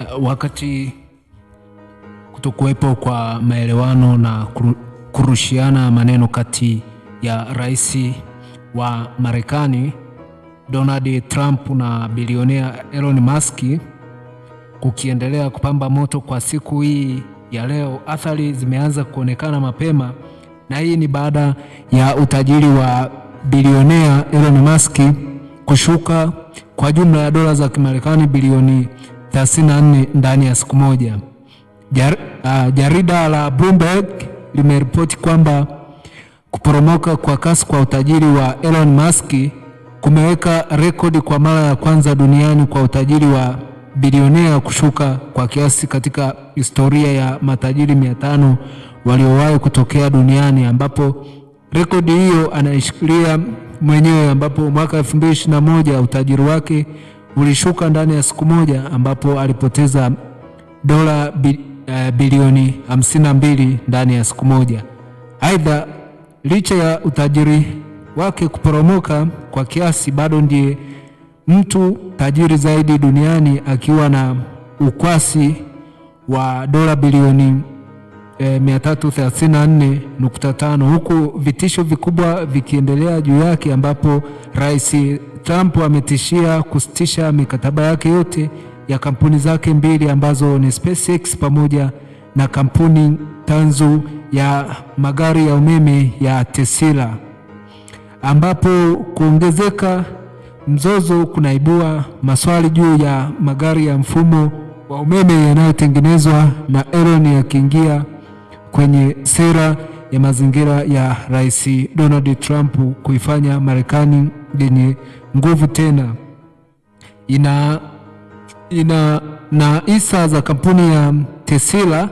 uh, wakati kutokuwepo kwa maelewano na kurushiana maneno kati ya rais wa Marekani Donald Trump na bilionea Elon Musk kukiendelea kupamba moto kwa siku hii ya leo, athari zimeanza kuonekana mapema, na hii ni baada ya utajiri wa bilionea Elon Musk kushuka kwa jumla ya dola za Kimarekani bilioni 34 ndani ya siku moja. Jar, uh, jarida la Bloomberg limeripoti kwamba kuporomoka kwa kasi kwa utajiri wa Elon Musk kumeweka rekodi kwa mara ya kwanza duniani kwa utajiri wa bilionea kushuka kwa kiasi katika historia ya matajiri 500 waliowahi kutokea duniani, ambapo rekodi hiyo anaishikilia mwenyewe, ambapo mwaka 2021 utajiri wake ulishuka ndani ya siku moja ambapo alipoteza dola eh, bilioni 52 ndani ya siku moja. Aidha, licha ya utajiri wake kuporomoka kwa kiasi, bado ndiye mtu tajiri zaidi duniani akiwa na ukwasi wa dola bilioni 334.5 eh, huku vitisho vikubwa vikiendelea juu yake ambapo rais Trump ametishia kusitisha mikataba yake yote ya kampuni zake mbili ambazo ni SpaceX pamoja na kampuni tanzu ya magari ya umeme ya Tesla, ambapo kuongezeka mzozo kunaibua maswali juu ya magari ya mfumo wa umeme yanayotengenezwa na Elon yakiingia kwenye sera ya mazingira ya Rais Donald Trump kuifanya Marekani yenye nguvu tena ina, ina na hisa za kampuni ya Tesla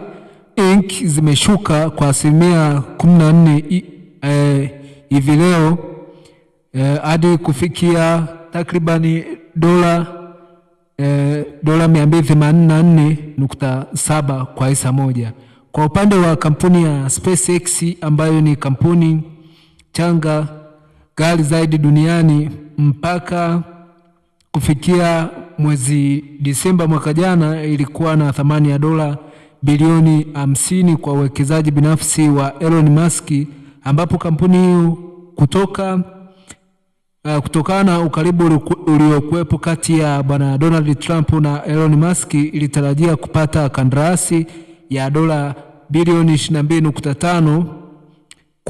Inc zimeshuka kwa asilimia 14 eh, hivi leo eh, hadi e, kufikia takribani dola e, dola 284.7 kwa hisa moja. Kwa upande wa kampuni ya SpaceX ambayo ni kampuni changa ghali zaidi duniani mpaka kufikia mwezi Disemba mwaka jana ilikuwa na thamani ya dola bilioni hamsini kwa uwekezaji binafsi wa Elon Musk, ambapo kampuni hiyo kutoka uh, kutokana na ukaribu uliokuwepo kati ya bwana Donald Trump na Elon Musk ilitarajia kupata kandarasi ya dola bilioni 22.5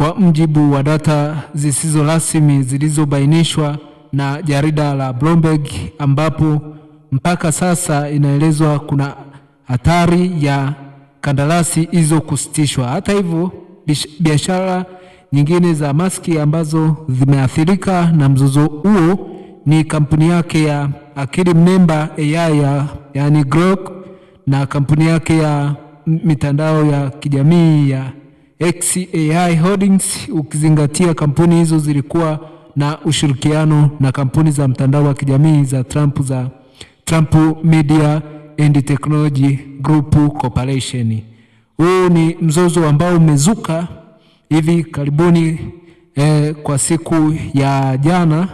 kwa mjibu wa data zisizo rasmi zilizobainishwa na jarida la Bloomberg, ambapo mpaka sasa inaelezwa kuna hatari ya kandarasi hizo kusitishwa. Hata hivyo, biashara nyingine za maski ambazo zimeathirika na mzozo huo ni kampuni yake ya akili mnemba AI ya, yani Grok na kampuni yake ya mitandao ya kijamii ya XAI Holdings, ukizingatia kampuni hizo zilikuwa na ushirikiano na kampuni za mtandao wa kijamii za Trump za Trump Media and Technology Group Corporation. Huu ni mzozo ambao umezuka hivi karibuni eh, kwa siku ya jana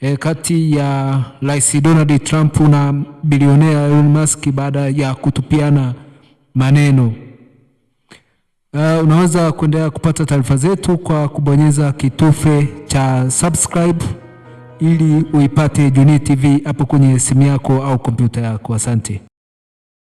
eh, kati ya Rais Donald Trump na bilionea Elon Musk baada ya kutupiana maneno. Uh, unaweza kuendelea kupata taarifa zetu kwa kubonyeza kitufe cha subscribe ili uipate Junii TV hapo kwenye simu yako au kompyuta yako. Asante.